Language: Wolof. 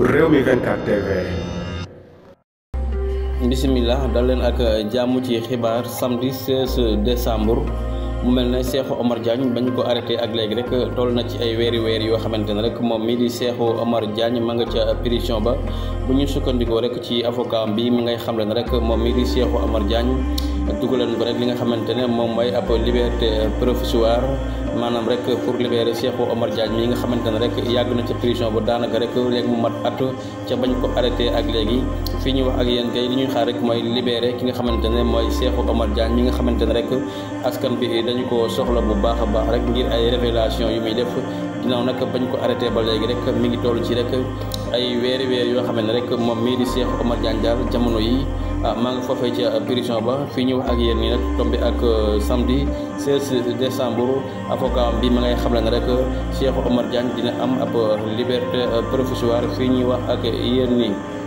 Rewmi 24 TV. bisimilah dal leen ak jàmm ci xibaar samedi 16 décembre. mu mel ne Cheikhou Omar Diagne bañ ko arrêté ak léegi rek toll na ci ay weeri weer yoo xamante ne rek moom mii di Cheikhou Omar Diagne ma nga ca prison ba bu ñu sukkandikoo rek ci avocat bi mi ngay xamle ne rek moom mii di Cheikhou Omar Diagne dugaleen ko rek li nga xamante ne moom mooy ab liberté provisoire maanaam rek pour libérer Cheikhou Omar Diagne nga xamante ne rek yàgg na ca prison ba daanaka rek léegi mu mat at ca bañ ko arrêté ak léegi fii ñu wax ak yéen kay ñuy xaar rek mooy libérer ki nga xamante ne mooy Cheikhou Omar Diagne mi nga xamante ne rek askan bi dañu ko soxla bu baax a baax rek ngir ay révélation yu muy def ginnaaw nag bañ ko arrêté ba léegi rek mi ngi toll ci rek ay weeri weer yoo xam ne rek moom mii di Cheikh Omar Diagne Dial jamono yi ah, maa ngi foofee ci prison ba fii ñu ak yéen ñi nag tombé ak euh, samedi 16 décembre avocat bi ma ngay xamle ne rek Cheikh Omar Diagne dina am ab liberté euh, provisoire fii ñuy wax ak yéen nii